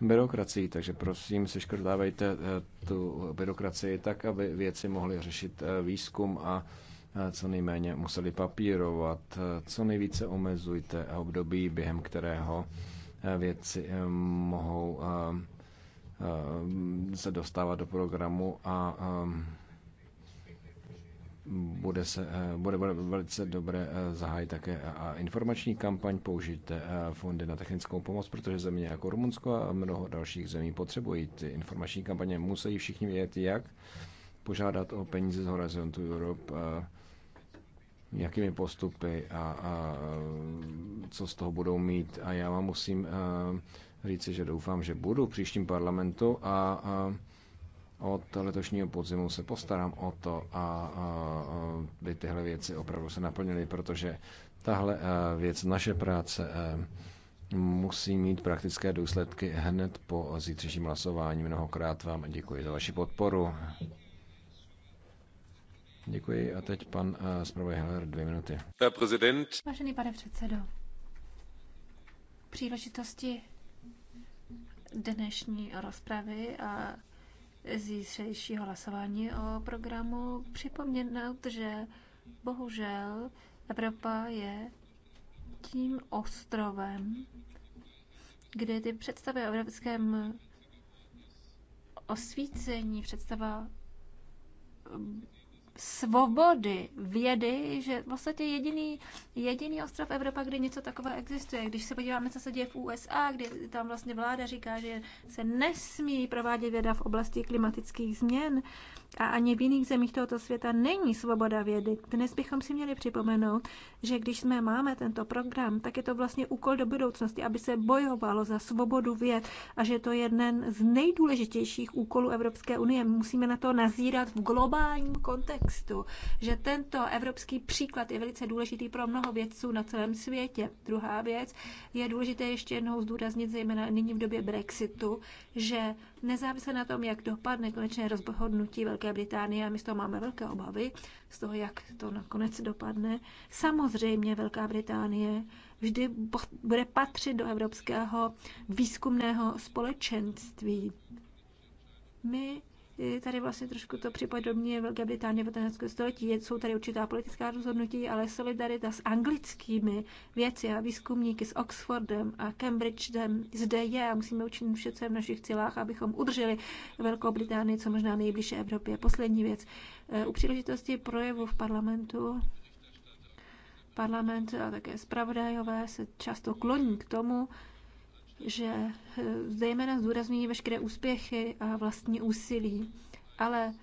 byrokracií, takže prosím, seškrtávejte eh, tu byrokracii tak, aby věci mohly řešit eh, výzkum a eh, co nejméně museli papírovat, co nejvíce omezujte období, během kterého věci mohou se dostávat do programu a bude, se, eh, bude, bude velice dobré eh, zahájit také eh, a informační kampaň, použít fondy na technickou pomoc, protože země jako Rumunsko a mnoho dalších zemí potřebují ty informační kampaně. Musí všichni vědět, jak požádat o peníze z Horizontu Europe, jakými postupy a, a co z toho budou mít. A já vám musím říci, že doufám, že budu v příštím parlamentu a, a od letošního podzimu se postarám o to, a, a, by tyhle věci opravdu se naplnily, protože tahle e, věc, naše práce, e, musí mít praktické důsledky hned po zítřejším hlasování. Mnohokrát vám děkuji za vaši podporu. Děkuji a teď pan e, zpravodaj Heller, dvě minuty. Prezident. Vážený pane předsedo, příležitosti dnešní rozpravy a zítřejšího hlasování o programu připomněnout, že bohužel Evropa je tím ostrovem, kde ty představy o evropském osvícení, představa svobody vědy, že v podstatě jediný, jediný ostrov Evropa, kde něco takové existuje. Když se podíváme, co se děje v USA, kde tam vlastně vláda říká, že se nesmí provádět věda v oblasti klimatických změn, a ani v jiných zemích tohoto světa není svoboda vědy. Dnes bychom si měli připomenout, že když jsme máme tento program, tak je to vlastně úkol do budoucnosti, aby se bojovalo za svobodu věd a že to je jeden z nejdůležitějších úkolů Evropské unie. Musíme na to nazírat v globálním kontextu, že tento evropský příklad je velice důležitý pro mnoho vědců na celém světě. Druhá věc je důležité ještě jednou zdůraznit, zejména nyní v době Brexitu, že nezávisle na tom, jak dopadne konečné rozhodnutí Velké Británie, a my z toho máme velké obavy, z toho, jak to nakonec dopadne, samozřejmě Velká Británie vždy bude patřit do evropského výzkumného společenství. My E, tady vlastně trošku to připodobně Velké Británie 19. století. Jsou tady určitá politická rozhodnutí, ale solidarita s anglickými věci a výzkumníky s Oxfordem a Cambridgem zde je a musíme učinit vše, co je v našich cílách, abychom udrželi Velkou Británii co možná nejbližší Evropě. Poslední věc. E, u příležitosti projevu v parlamentu parlament a také zpravodajové se často kloní k tomu, že eh, zejména zdůrazňují veškeré úspěchy a vlastní úsilí, ale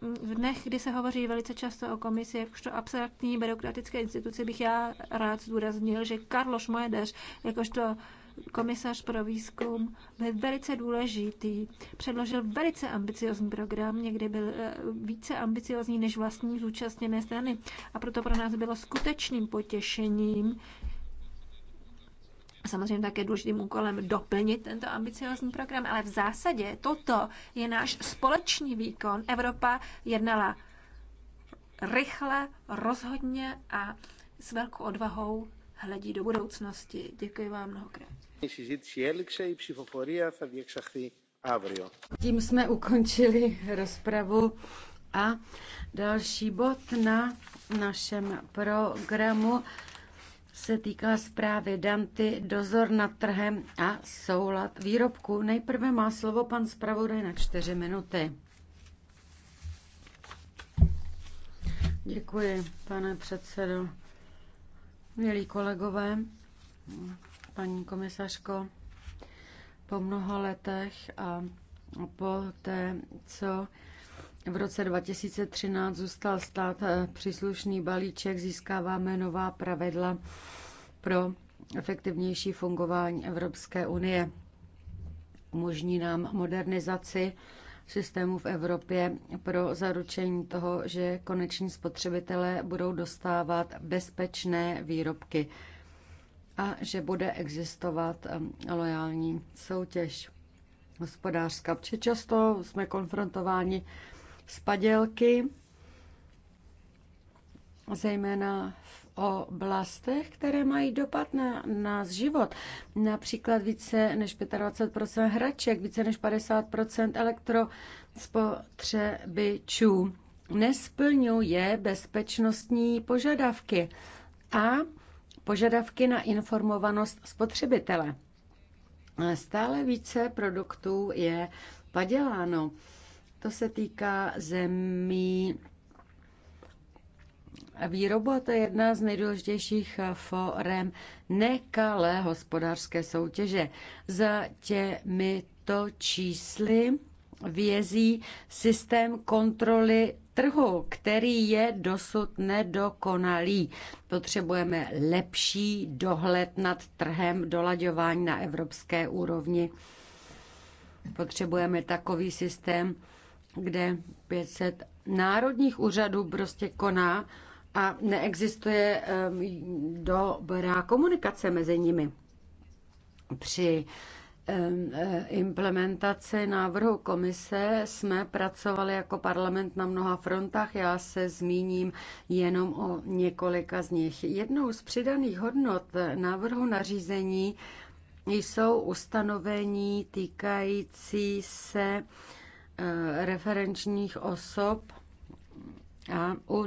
mm, v dnech, kdy se hovoří velice často o komisi, jakožto abstraktní byrokratické instituce, bych já rád zdůraznil, že Karloš Moedeř, jakožto komisař pro výzkum, byl velice důležitý. Předložil velice ambiciozní program, někdy byl eh, více ambiciozní než vlastní zúčastněné strany. A proto pro nás bylo skutečným potěšením, Samozřejmě také důležitým úkolem doplnit tento ambiciozní program, ale v zásadě toto je náš společný výkon. Evropa jednala rychle, rozhodně a s velkou odvahou hledí do budoucnosti. Děkuji vám mnohokrát. Tím jsme ukončili rozpravu a další bod na našem programu se týká zprávy Danty, dozor nad trhem a soulad výrobku. Nejprve má slovo pan zpravodaj na čtyři minuty. Děkuji, pane předsedo. Milí kolegové, paní komisařko, po mnoha letech a po té, co v roce 2013 zůstal stát eh, příslušný balíček, získáváme nová pravidla pro efektivnější fungování Evropské unie. Umožní nám modernizaci systému v Evropě pro zaručení toho, že koneční spotřebitelé budou dostávat bezpečné výrobky a že bude existovat eh, lojální soutěž hospodářská, protože často jsme konfrontováni z padělky, zejména v oblastech, které mají dopad na náš život. Například více než 25 hraček, více než 50 elektrospotřebičů nesplňuje bezpečnostní požadavky a požadavky na informovanost spotřebitele. Stále více produktů je paděláno. To se týká zemí Výroba to je jedna z nejdůležitějších forem nekalé hospodářské soutěže. Za těmito čísly vězí systém kontroly trhu, který je dosud nedokonalý. Potřebujeme lepší dohled nad trhem, dolaďování na evropské úrovni. Potřebujeme takový systém, kde 500 národních úřadů prostě koná a neexistuje dobrá komunikace mezi nimi. Při eh, implementaci návrhu komise jsme pracovali jako parlament na mnoha frontách. Já se zmíním jenom o několika z nich. Jednou z přidaných hodnot návrhu nařízení jsou ustanovení týkající se Eh, referenčních osob a u